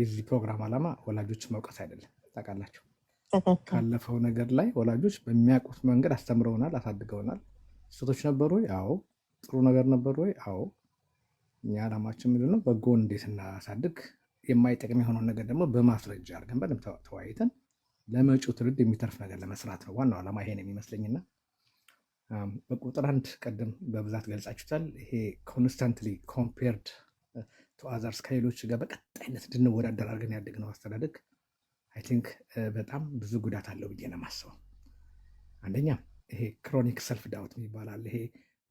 የዚህ ፕሮግራም ዓላማ ወላጆች መውቀስ አይደለም። ታውቃላቸው ካለፈው ነገር ላይ ወላጆች በሚያውቁት መንገድ አስተምረውናል፣ አሳድገውናል። ስህተቶች ነበሩ ወይ? አዎ። ጥሩ ነገር ነበሩ ወይ? አዎ። እኛ ዓላማችን ምንድን ነው? በጎ እንዴት እናሳድግ፣ የማይጠቅም የሆነውን ነገር ደግሞ በማስረጃ አድርገን በደንብ ተወያይተን ለመጪው ትውልድ የሚተርፍ ነገር ለመስራት ነው። ዋናው ዓላማ ይሄ ነው የሚመስለኝና በቁጥር አንድ ቀደም በብዛት ገልጻችሁታል። ይሄ ኮንስታንትሊ ኮምፔርድ ተዋዛርስ ከሌሎች ጋር በቀጣይነት እንድንወዳደር አድርገን ያደግነው አስተዳደግ አይ ቲንክ በጣም ብዙ ጉዳት አለው ብዬ ነው የማስበው። አንደኛ ይሄ ክሮኒክ ሰልፍ ዳውት ይባላል። ይሄ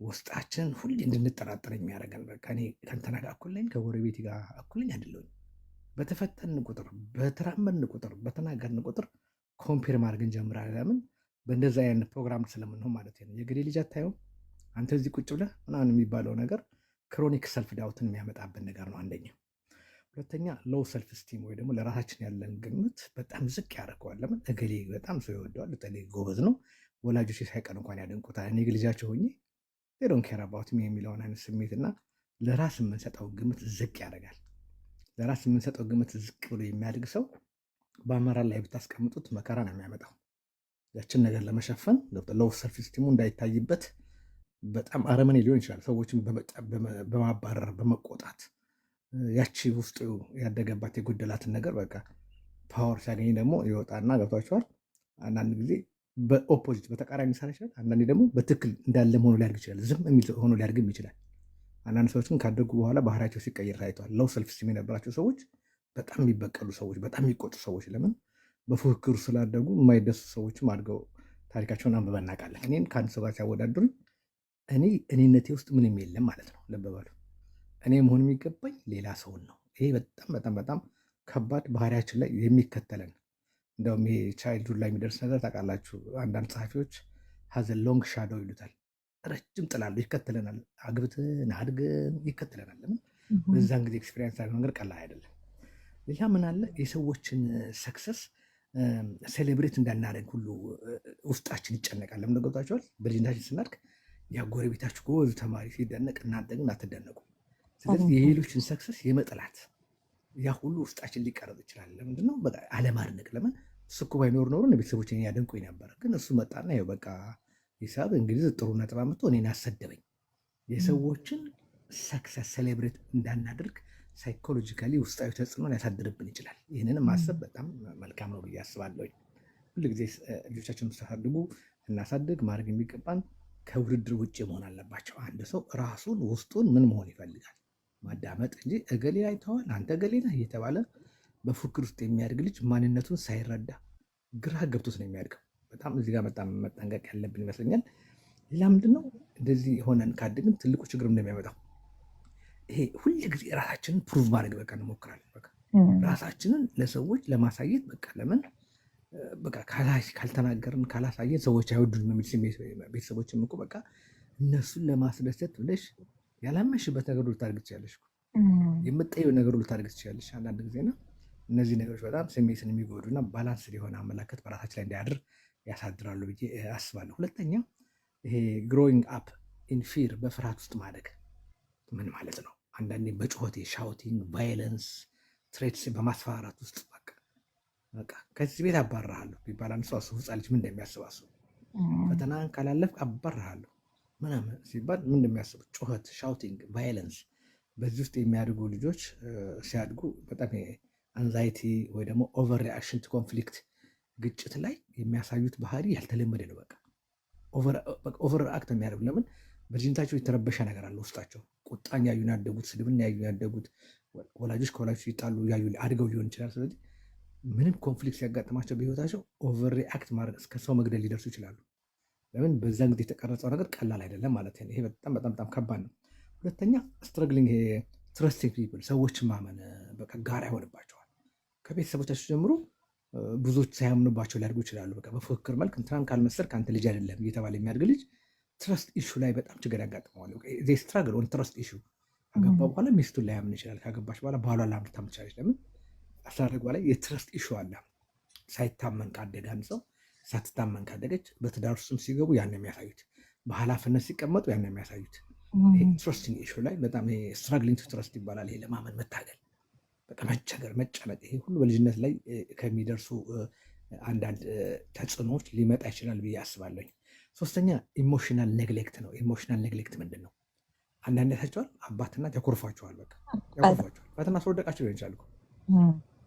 ውስጣችንን ሁሌ እንድንጠራጠር የሚያደርገን በቃ እኔ ከንተና ጋር እኩል ነኝ፣ ከጎረቤት ጋር እኩል ነኝ አይደለሁም። በተፈተንን ቁጥር፣ በተራመን ቁጥር፣ በተናገርን ቁጥር ኮምፔር ማድረግ እንጀምራለን። ለምን በእንደዛ አይነት ፕሮግራም ስለምንሆን ማለት ነው። የግዴ ልጅ አታየውም አንተ እዚህ ቁጭ ብለህ ምናምን የሚባለው ነገር ክሮኒክ ሰልፍ ዳውትን የሚያመጣብን ነገር ነው አንደኛው። ሁለተኛ ሎው ሰልፍ ስቲም ወይ ደግሞ ለራሳችን ያለን ግምት በጣም ዝቅ ያደርገዋል። ለምን እገሌ በጣም ሰው ይወደዋል፣ እገሌ ጎበዝ ነው፣ ወላጆች ሳይቀር እንኳን ያደንቁታል፣ እኔ ግልጃቸው ሆኜ ዶን ኬር አባውት ሚ የሚለውን አይነት ስሜት እና ለራስ የምንሰጠው ግምት ዝቅ ያደርጋል። ለራስ የምንሰጠው ግምት ዝቅ ብሎ የሚያድግ ሰው በአመራር ላይ ብታስቀምጡት መከራ ነው የሚያመጣው። ያችን ነገር ለመሸፈን ሎው ሰልፍ ስቲሙ እንዳይታይበት በጣም አረመኔ ሊሆን ይችላል። ሰዎችን በማባረር በመቆጣት ያቺ ውስጡ ያደገባት የጎደላትን ነገር በቃ ፓወር ሲያገኝ ደግሞ ይወጣና ገብቷቸዋል። አንዳንድ ጊዜ በኦፖዚት በተቃራኒ ሊሰራ ይችላል። አንዳንዴ ደግሞ በትክክል እንዳለም ሆኖ ሊያድግ ይችላል። ዝም የሚል ሆኖ ሊያድግም ይችላል። አንዳንድ ሰዎች ግን ካደጉ በኋላ ባህሪያቸው ሲቀየር ታይተዋል። ለው ሰልፍ ስም የነበራቸው ሰዎች በጣም የሚበቀሉ ሰዎች፣ በጣም የሚቆጡ ሰዎች፣ ለምን በፉክክሩ ስላደጉ የማይደሱ ሰዎችም አድገው ታሪካቸውን አንብበን እናውቃለን። እኔም ከአንድ ሰው ጋር ሲያወዳድሩኝ እኔ እኔነቴ ውስጥ ምንም የለም ማለት ነው። ልብ በሉ እኔ መሆን የሚገባኝ ሌላ ሰውን ነው። ይሄ በጣም በጣም በጣም ከባድ ባህሪያችን ላይ የሚከተለን እንደውም ይሄ ቻይልድሁድ ላይ የሚደርስ ነገር ታውቃላችሁ። አንዳንድ ጸሐፊዎች ሀዘ ሎንግ ሻዶው ይሉታል። ረጅም ጥላሉ ይከተለናል። አግብትን አድገን ይከተለናል። ለምን በዛን ጊዜ ኤክስፔሪንስ ያለው ነገር ቀላል አይደለም። ሌላ ምን አለ የሰዎችን ሰክሰስ ሴሌብሬት እንዳናደግ ሁሉ ውስጣችን ይጨነቃል። ለምን ገብታችኋል? በልጅነታችን ስናድግ ያጎረቤታችሁ ጎበዝ ተማሪ ሲደነቅ እናንተ ግን አትደነቁ። ስለዚህ የሌሎችን ሰክሰስ የመጥላት ያ ሁሉ ውስጣችን ሊቀረጽ ይችላል። ለምንድነው በቃ አለማድነቅ? ለምን እሱ እኮ ባይኖር ኖሮ ቤተሰቦችን ያደንቁኝ ነበር። ግን እሱ መጣና ያው በቃ ሂሳብ እንግሊዝ ጥሩ ነጥብ አምጥቶ እኔን አሰደበኝ። የሰዎችን ሰክሰስ ሴሌብሬት እንዳናደርግ ሳይኮሎጂካሊ ውስጣዊ ተጽዕኖ ሊያሳድርብን ይችላል። ይህንን ማሰብ በጣም መልካም ነው ብዬ አስባለሁ። ሁልጊዜ ልጆቻችን ሳሳድጉ እናሳድግ ማድረግ የሚገባን ከውድድር ውጭ መሆን አለባቸው። አንድ ሰው ራሱን ውስጡን ምን መሆን ይፈልጋል ማዳመጥ እንጂ እገሌ አይተዋል አንተ እገሌ ነህ እየተባለ በፉክክር ውስጥ የሚያድግ ልጅ ማንነቱን ሳይረዳ ግራ ገብቶት ነው የሚያድገው። በጣም እዚህ ጋር በጣም መጠንቀቅ ያለብን ይመስለኛል። ሌላ ምንድን ነው እንደዚህ የሆነን ካደግን ትልቁ ችግር እንደሚያመጣው ይሄ ሁል ጊዜ ራሳችንን ፕሩቭ ማድረግ በቃ እንሞክራለን። በቃ ራሳችንን ለሰዎች ለማሳየት በቃ ለምን በቃ ካልተናገርን ካላሳየን ሰዎች አይወዱን የሚል ስሜት ቤተሰቦችም እኮ በቃ እነሱን ለማስደሰት ብለሽ ያላመሽበት ነገር ልታደርግ ትችላለሽ። የምጠየው ነገር ልታደርግ ትችላለሽ። አንዳንድ ጊዜና እነዚህ ነገሮች በጣም ስሜትን የሚጎዱና ባላንስ የሆነ አመላከት በራሳችን ላይ እንዳያድር ያሳድራሉ ብዬ አስባለሁ። ሁለተኛ ይሄ ግሮዊንግ አፕ ኢንፊር በፍርሃት ውስጥ ማደግ ምን ማለት ነው? አንዳንዴ በጩኸቴ ሻውቲንግ፣ ቫይለንስ፣ ትሬትስ በማስፈራራት ውስጥ በቃ ከዚህ ቤት አባርሃለሁ ቢባል አንድ ሰው አስቡ፣ ህፃን ልጅ ምን እንደሚያስባስቡ ፈተናን ካላለፍክ አባርሃለሁ ምናምን ሲባል ምን እንደሚያስቡ ጩኸት፣ ሻውቲንግ፣ ቫይለንስ በዚህ ውስጥ የሚያድጉ ልጆች ሲያድጉ በጣም አንዛይቲ ወይ ደግሞ ኦቨር ሪአክሽን ኮንፍሊክት ግጭት ላይ የሚያሳዩት ባህሪ ያልተለመደ ነው። በቃ ኦቨር አክት የሚያደርጉ ለምን በልጅነታቸው የተረበሸ ነገር አለ ውስጣቸው። ቁጣን ያዩን ያደጉት፣ ስድብን ያዩን ያደጉት፣ ወላጆች ከወላጆች ይጣሉ ያዩ አድገው ሊሆን ይችላል። ስለዚህ ምንም ኮንፍሊክት ሲያጋጥማቸው በህይወታቸው ኦቨር ሪአክት ማድረግ እስከ ሰው መግደል ሊደርሱ ይችላሉ። ለምን በዛን ጊዜ የተቀረጸው ነገር ቀላል አይደለም ማለት ነው። ይሄ በጣም በጣም በጣም ከባድ ነው። ሁለተኛ ስትረግሊንግ ትረስቲንግ ፒፕል ሰዎች ማመን በቃ ጋር አይሆንባቸዋል። ከቤተሰቦቻቸው ጀምሮ ብዙዎች ሳያምኑባቸው ሊያድጉ ይችላሉ። በቃ በፉክክር መልክ እንትናን ካልመሰል ከአንተ ልጅ አይደለም እየተባለ የሚያድግ ልጅ ትረስት ኢሹ ላይ በጣም ችግር ያጋጥመዋል። ስትራግል ኦን ትረስት ኢሹ ካገባ በኋላ ሚስቱን ላያምን ይችላል። ካገባች በኋላ ባሏ ላምታም ትችላለች። ለምን አስተዳደጓ ላይ የትረስት ኢሹ አለ። ሳይታመን ካደገ አንድ ሰው ሳትታመን ካደገች በትዳር ውስጥም ሲገቡ ያን የሚያሳዩት በኃላፊነት ሲቀመጡ ያን የሚያሳዩት ትረስቲንግ ኢሹ ላይ በጣም ስትራግሊንግ ቱ ትረስት ይባላል። ይሄ ለማመን መታገል፣ በጣም መቸገር፣ መጨነቅ፣ ይሄ ሁሉ በልጅነት ላይ ከሚደርሱ አንዳንድ ተጽዕኖዎች ሊመጣ ይችላል ብዬ አስባለኝ። ሶስተኛ ኢሞሽናል ኔግሌክት ነው። ኢሞሽናል ኔግሌክት ምንድን ነው? አንዳንድ ያሳቸዋል አባትና ያኮርፏቸዋል። በቃ ያኮርፏቸዋል። ፈተና ስወደቃቸው ሊሆን ይችላል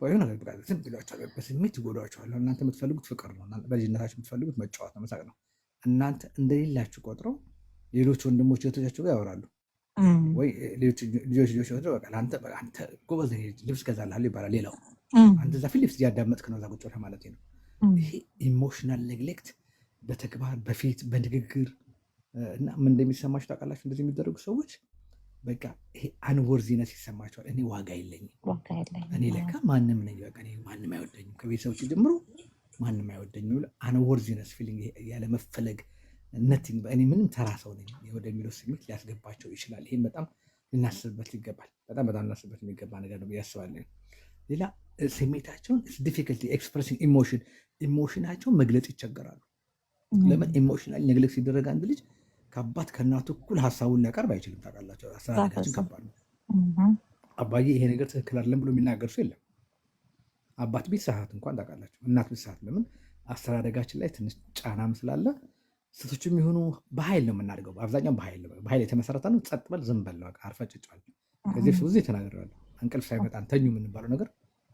ወይም ነገር ዝም ብሏቸዋል። በስሜት ይጎዷቸዋል። እናንተ የምትፈልጉት ፍቅር ነው። በልጅነታችሁ የምትፈልጉት መጫወት ነው፣ መሳቅ ነው። እናንተ እንደሌላችሁ ቆጥረው ሌሎች ወንድሞች እህቶቻችሁ ጋር ያወራሉ። ወይ ልጆች ልጆች ወደ አንተ ጎበዝ ልብስ ገዛልሃለሁ ይባላል። ሌላው አንተ ዛ ፊት ልብስ እያዳመጥክ ነው፣ እዛ ቁጭ ብለህ ማለት ነው። ይሄ ኢሞሽናል ኔግሌክት በተግባር በፊት በንግግር እና ምን እንደሚሰማችሁ ታውቃላችሁ። እንደዚህ የሚደረጉ ሰዎች በቃ ይሄ አንወርዚነት ይሰማቸዋል። እኔ ዋጋ የለኝም፣ እኔ ለካ ማንም ነኝ፣ በቃ እኔ ማንም አይወደኝም፣ ከቤተሰቦች ጀምሮ ማንም አይወደኝም ብሎ አንወርዚነት ፊሊንግ ያለመፈለግ ነቲንግ በእኔ ምንም ተራ ሰው ነኝ ወደሚለው ስሜት ሊያስገባቸው ይችላል። ይሄን በጣም ልናስብበት ይገባል። በጣም በጣም ልናስብበት የሚገባ ነገር ነው ያስባለ። ሌላ ስሜታቸውን ዲፊከልቲ ኤክስፕሬሲንግ ኢሞሽን ኢሞሽናቸውን መግለጽ ይቸገራሉ። ለምን ኢሞሽናል ነግለግ ሲደረግ አንድ ልጅ ከአባት ከእናቱ እኩል ሀሳቡን ሊያቀርብ አይችልም። ታውቃላቸው አስተዳደጋችን ከባድ ነው። አባዬ ይሄ ነገር ትክክል አይደለም ብሎ የሚናገር ሰው የለም። አባት ቤት ሰዓት እንኳን ታውቃላቸው እናት ቤት ሰዓት ለምን አስተዳደጋችን ላይ ትንሽ ጫናም ስላለ ስቶች የሚሆኑ በኃይል ነው የምናደርገው። አብዛኛው በኃይል የተመሰረተ ነው። ጸጥ በል ዝም በል አርፈ ጭጫል። ከዚህ ብዙ የተናገራሉ። እንቅልፍ ሳይመጣን ተኙ የምንባለው ነገር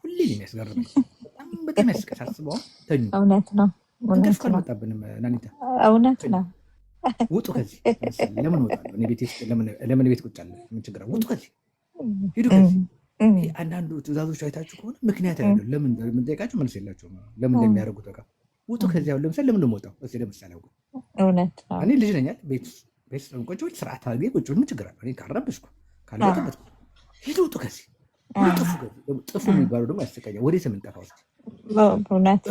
ሁሌ የሚያስገርም በጣም በጣም ያስቀሳስበው ተኙ። እውነት ነው። እንቅልፍ ከመጣብን ናኒታ እውነት ነው። ውጡ ከዚህ ለምን እወጣለሁ? ለምን ቤት ቁጭ አለ? ምን ችግር ውጡ ከዚህ ሂዱ ከዚህ። አንዳንዱ ትእዛዞች አይታችሁ ከሆነ ምክንያት ያለው ለምን የምንጠይቃቸው መልስ የላቸውም። ለምን እንደሚያደርጉት በቃ ውጡ ከዚህ። አሁን ለምሳሌ ለምን እንደምወጣው እዚህ ለምሳሌ አውቁ። እኔ ልጅ ነኝ አይደል? ቤት ቤት ቁጭ ብል ስርዓት አድርጌ ቁጭ ብል ምን ችግር አለ? እኔ ካልረበሽኩ ካልበጠበጥኩ ሂዱ ውጡ ከዚህ ጥፉ ከዚህ። ጥፉ የሚባለው ደግሞ ያስቀኛል። ወዴት የምንጠፋው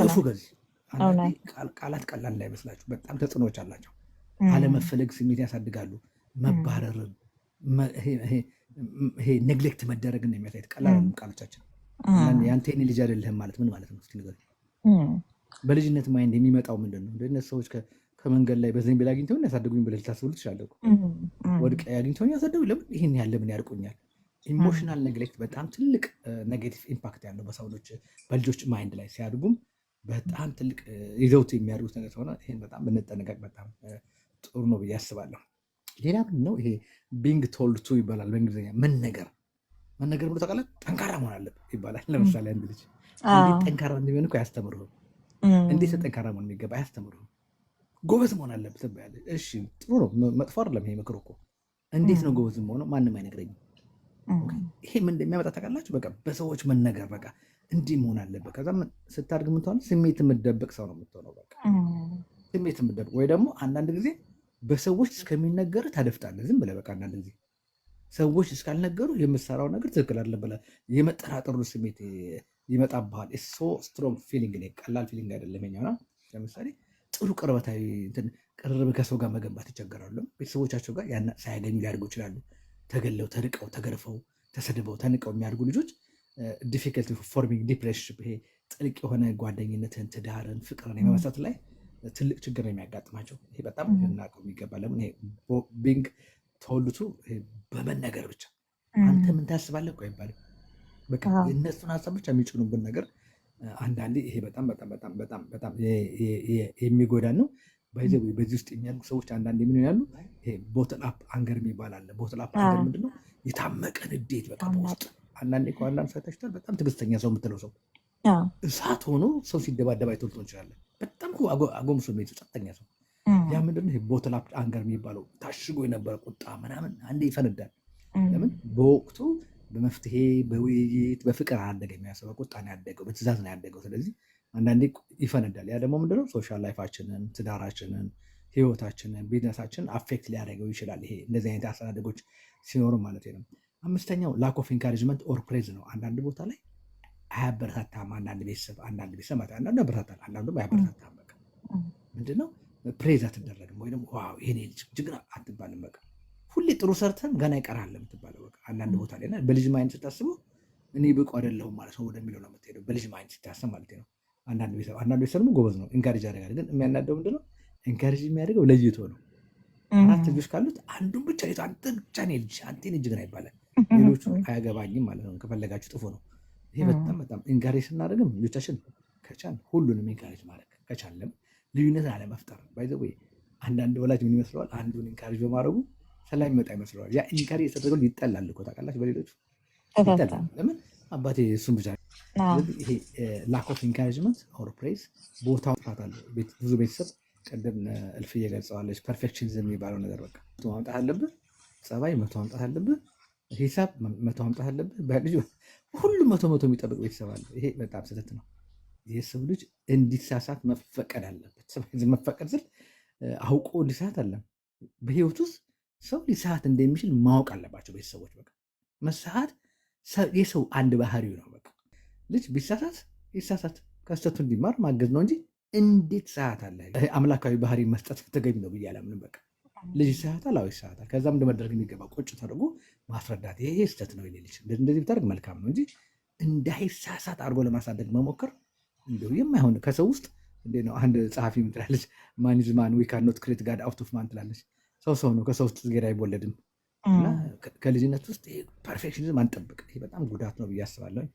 ጥፉ ከዚህ። ቃላት ቀላል እንዳይመስላችሁ በጣም ተጽዕኖዎች አላቸው። አለመፈለግ ስሜት ያሳድጋሉ። መባረርን፣ ይሄ ኔግሌክት መደረግን ነው የሚያሳየት። ቀላል ቃሎቻችን ያንተ የኔ ልጅ አይደለህም ማለት ምን ማለት ነው? እስኪ በልጅነት ማይንድ የሚመጣው ምንድን ነው? እንደነት ሰዎች ከመንገድ ላይ በዘኝ ብላ አግኝተው ያሳደጉኝ ብለህ ልታስብሉ ትችላለህ። ወድቀ አግኝተው ያሳደጉ ለምን ይህን ያለ ምን ያርቁኛል? ኢሞሽናል ኔግሌክት በጣም ትልቅ ኔጌቲቭ ኢምፓክት ያለው በሰው ልጆች በልጆች ማይንድ ላይ ሲያድጉም በጣም ትልቅ ይዘውት የሚያደርጉት ነገር ስለሆነ ይህን በጣም ብንጠነቀቅ በጣም ጥሩ ነው ብዬ አስባለሁ። ሌላ ምንድን ነው ይሄ ቢንግ ቶልድ ቱ ይባላል በእንግሊዝኛ መነገር መነገር ብሎ ተቃለ ጠንካራ መሆን አለብህ ይባላል። ለምሳሌ አንድ ልጅ እንዴት ጠንካራ እንደሚሆን እኮ አያስተምርህም። እንዴት ጠንካራ መሆን የሚገባ አያስተምርህም። ጎበዝ መሆን አለብህ ትባያለህ። እሺ ጥሩ ነው፣ መጥፎ አይደለም ይሄ ምክር እኮ። እንዴት ነው ጎበዝ መሆነው ማንም አይነግረኝም። ይሄ ምን እንደሚያመጣ ታውቃላችሁ? በቃ በሰዎች መነገር በቃ እንዲህ መሆን አለብህ። ከዛ ስታድግ የምትሆነ ስሜት የምትደብቅ ሰው ነው የምትሆነው። በቃ ስሜት የምትደብቅ ወይ ደግሞ አንዳንድ ጊዜ በሰዎች እስከሚነገር ታደፍጣለህ ዝም ብለህ በቃ። አንዳንድ ጊዜ ሰዎች እስካልነገሩ የምሰራው ነገር ትክክል አለ ብለህ የመጠራጠሩ ስሜት ይመጣብሃል። ሶ ስትሮንግ ፊሊንግ ላይ ቀላል ፊሊንግ አይደለም። ና ለምሳሌ ጥሩ ቅርበታዊ ቅርብ ከሰው ጋር መገንባት ይቸገራሉ። ቤተሰቦቻቸው ጋር ያን ሳያገኙ ሊያድጉ ይችላሉ። ተገለው፣ ተርቀው፣ ተገርፈው፣ ተሰድበው፣ ተንቀው የሚያድጉ ልጆች ዲፊከልቲ ፎርሚንግ ዲፕሬሽን፣ ይሄ ጥልቅ የሆነ ጓደኝነትን፣ ትዳርን፣ ፍቅርን የመመሳት ላይ ትልቅ ችግር ነው የሚያጋጥማቸው። ይሄ በጣም ልናውቀው የሚገባ ለምን ይሄ ቢንግ ተወልቱ በመነገር ብቻ አንተ ምን ታስባለህ እኮ ይባል በቃ የእነሱን ሀሳብ ብቻ የሚጭኑብን ነገር አንዳንዴ ይሄ በጣም በጣም በጣም በጣም በጣም የሚጎዳን ነው። ባይዘ በዚህ ውስጥ የሚያልቁ ሰዎች አንዳንዴ ምን ያሉ ቦትል አፕ አንገር የሚባል አለ። ቦትል አፕ አንገር ምንድነው? የታመቀ ንዴት በቃ በውስጥ አንዳንዴ ከአንዳንድ ሰታችታል በጣም ትግስተኛ ሰው የምትለው ሰው እሳት ሆኖ ሰው ሲደባደባ አይቶልቶ እንችላለን በጣም አጎምሶ የሚሄድ ጸጥተኛ ሰው። ያ ምንድነው ቦትል አፕ አንገር የሚባለው ታሽጎ የነበረ ቁጣ ምናምን አንዴ ይፈነዳል። ለምን በወቅቱ በመፍትሄ በውይይት በፍቅር አደገ የሚያስበው ቁጣ ነው ያደገው፣ በትዕዛዝ ነው ያደገው። ስለዚህ አንዳንዴ ይፈነዳል። ያ ደግሞ ምንድነው ሶሻል ላይፋችንን፣ ትዳራችንን፣ ህይወታችንን፣ ቢዝነሳችንን አፌክት ሊያደርገው ይችላል። ይሄ እንደዚህ አይነት አስተዳደጎች ሲኖሩ ማለት ነው። አምስተኛው ላክ ኦፍ ኢንካሬጅመንት ኦር ፕሬዝ ነው። አንዳንድ ቦታ ላይ አያበረታታም። አንዳንድ ቤተሰብ አንዳንድ ቤተሰብ ማለት አንዳንዱ ያበረታታል፣ አንዳንዱ አያበረታታም። በቃ ምንድን ነው ፕሬዝ አትደረግም፣ ወይ ዋው ይሄኔ ልጅ ጀግና አትባልም። በቃ ሁሌ ጥሩ ሰርተን ገና ይቀርሃል የምትባለው በቃ አንዳንድ ቦታ ላይ እና በልጅ ማይንድ ስታስበው እኔ ብቁ አይደለሁም ማለት ነው ወደሚለው ነው የምትሄደው፣ በልጅ ማይንድ ስታስብ ማለት ነው። አንዳንድ ቤተሰብ አንዳንድ ቤተሰብ ደግሞ ጎበዝ ነው፣ ኢንካሬጅ ያደርጋል። ግን የሚያናደው ምንድን ነው ኢንካሬጅ የሚያደርገው ለይቶ ነው። አራት ልጆች ካሉት አንዱን ብቻ አንተ ብቻ ልጅ አንቴን ጀግና ይባላል፣ ሌሎቹ አያገባኝም ማለት ነው። ከፈለጋችሁ ጥፎ ነው ይሄ በጣም በጣም ኢንካሬጅ ስናደርግም ልጆቻችን ከቻል ሁሉንም ኢንካሬጅ ማድረግ ከቻለም ልዩነት አለመፍጠር ባይዘ ወይ አንዳንድ ወላጅ ምን ይመስለዋል አንዱን ኢንካሬጅ በማድረጉ ሰላም ይመጣ ይመስለዋል። ያ ኢንካሬጅ የተደረገ ይጠላል እኮ ታውቃላችሁ፣ በሌሎች ይጠላል። ለምን አባቴ እሱን ብቻ ይሄ ላክ ኦፍ ኢንካሬጅመንት ኦር ፕሬዝ ቦታው ጥፋት አለ። ብዙ ቤተሰብ ቅድም እልፍዬ ገልጸዋለች። ፐርፌክሽንዝም የሚባለው ነገር በቃ መቶ ማምጣት አለብህ፣ ጸባይ መቶ ማምጣት አለብህ ሂሳብ መቶ ማምጣት አለብህ። በልጅ ሁሉም መቶ መቶ የሚጠብቅ ቤተሰብ አለ። ይሄ በጣም ስህተት ነው። የሰው ልጅ እንዲሳሳት መፈቀድ አለበት። መፈቀድ ስል አውቆ እንዲሳት አለም። በህይወት ውስጥ ሰው ሊሳት እንደሚችል ማወቅ አለባቸው ቤተሰቦች። በቃ መሳት የሰው አንድ ባህሪው ነው። በቃ ልጅ ቢሳሳት ይሳሳት ከስተቱ እንዲማር ማገዝ ነው እንጂ እንዴት ሰዓት አለ አምላካዊ ባህሪ መስጠት ተገቢ ነው ብዬ አላምንም። በቃ ልጅ ይሳታል፣ አዎ ይሳታል። ከዛም እንደመደረግ የሚገባ ቁጭ ተደርጎ ማስረዳት ይሄ ስህተት ነው ይልልች እንደዚህ ብታደርግ መልካም ነው እንጂ እንዳይሳሳት አድርጎ ለማሳደግ መሞከር እንዲሁ የማይሆን ከሰው ውስጥ እንዴ ነው። አንድ ጸሐፊ ምን ትላለች? ማን ኢዝ ዊ ካን ኖት ክሬት ጋድ አውት ኦፍ ማን ትላለች። ሰው ሰው ነው፣ ከሰው ውስጥ ጌራ አይወለድም። እና ከልጅነት ውስጥ ፐርፌክሽኒዝም አንጠብቅ። ይሄ በጣም ጉዳት ነው ብዬ አስባለሁ።